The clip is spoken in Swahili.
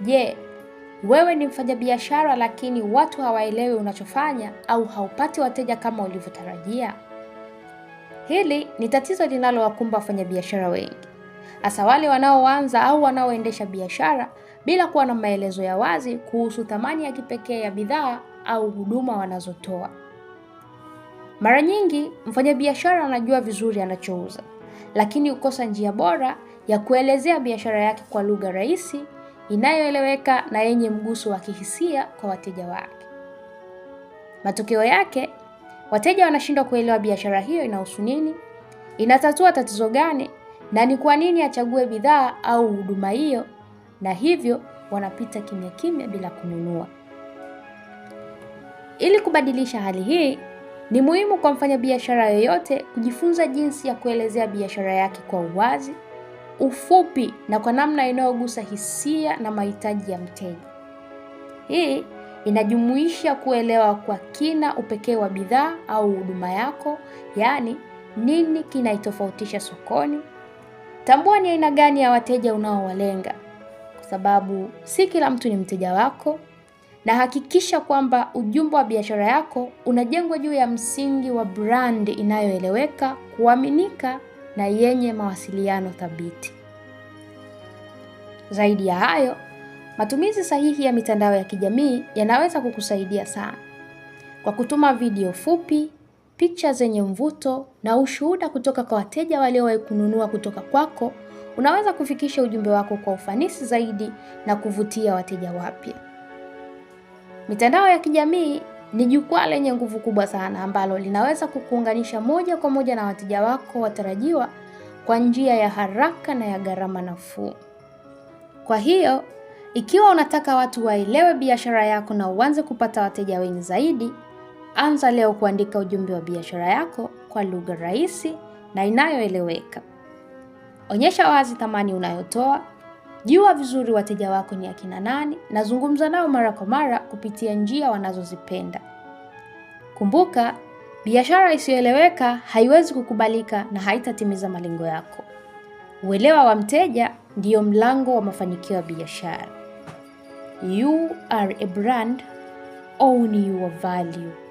Je, wewe ni mfanyabiashara lakini watu hawaelewi unachofanya au haupati wateja kama ulivyotarajia? Hili ni tatizo linalowakumba wafanyabiashara wengi, hasa wale wanaoanza au wanaoendesha biashara bila kuwa na maelezo ya wazi kuhusu thamani ya kipekee ya bidhaa au huduma wanazotoa. Mara nyingi mfanyabiashara anajua vizuri anachouza, lakini hukosa njia bora ya kuelezea biashara yake kwa lugha rahisi inayoeleweka na yenye mguso wa kihisia kwa wateja wake. Matokeo yake, wateja wanashindwa kuelewa biashara hiyo inahusu nini, inatatua tatizo gani na ni kwa nini achague bidhaa au huduma hiyo, na hivyo wanapita kimya kimya bila kununua. Ili kubadilisha hali hii, ni muhimu kwa mfanyabiashara yoyote kujifunza jinsi ya kuelezea biashara yake kwa uwazi ufupi na kwa namna inayogusa hisia na mahitaji ya mteja. Hii inajumuisha kuelewa kwa kina upekee wa bidhaa au huduma yako, yaani nini kinaitofautisha sokoni. Tambua ni aina gani ya wateja unaowalenga, kwa sababu si kila mtu ni mteja wako, na hakikisha kwamba ujumbe wa biashara yako unajengwa juu ya msingi wa brandi inayoeleweka, kuaminika na yenye mawasiliano thabiti. Zaidi ya hayo, matumizi sahihi ya mitandao ya kijamii yanaweza kukusaidia sana kwa kutuma video fupi, picha zenye mvuto na ushuhuda kutoka kwa wateja waliowahi kununua kutoka kwako. Unaweza kufikisha ujumbe wako kwa ufanisi zaidi na kuvutia wateja wapya. Mitandao ya kijamii ni jukwaa lenye nguvu kubwa sana ambalo linaweza kukuunganisha moja kwa moja na wateja wako watarajiwa kwa njia ya haraka na ya gharama nafuu. Kwa hiyo, ikiwa unataka watu waelewe biashara yako na uanze kupata wateja wengi zaidi, anza leo kuandika ujumbe wa biashara yako kwa lugha rahisi na inayoeleweka. Onyesha wazi thamani unayotoa Jua vizuri wateja wako ni akina nani na zungumza nao mara kwa mara kupitia njia wanazozipenda. Kumbuka, biashara isiyoeleweka haiwezi kukubalika na haitatimiza malengo yako. Uelewa wa mteja ndiyo mlango wa mafanikio ya biashara. You are a brand, own your value.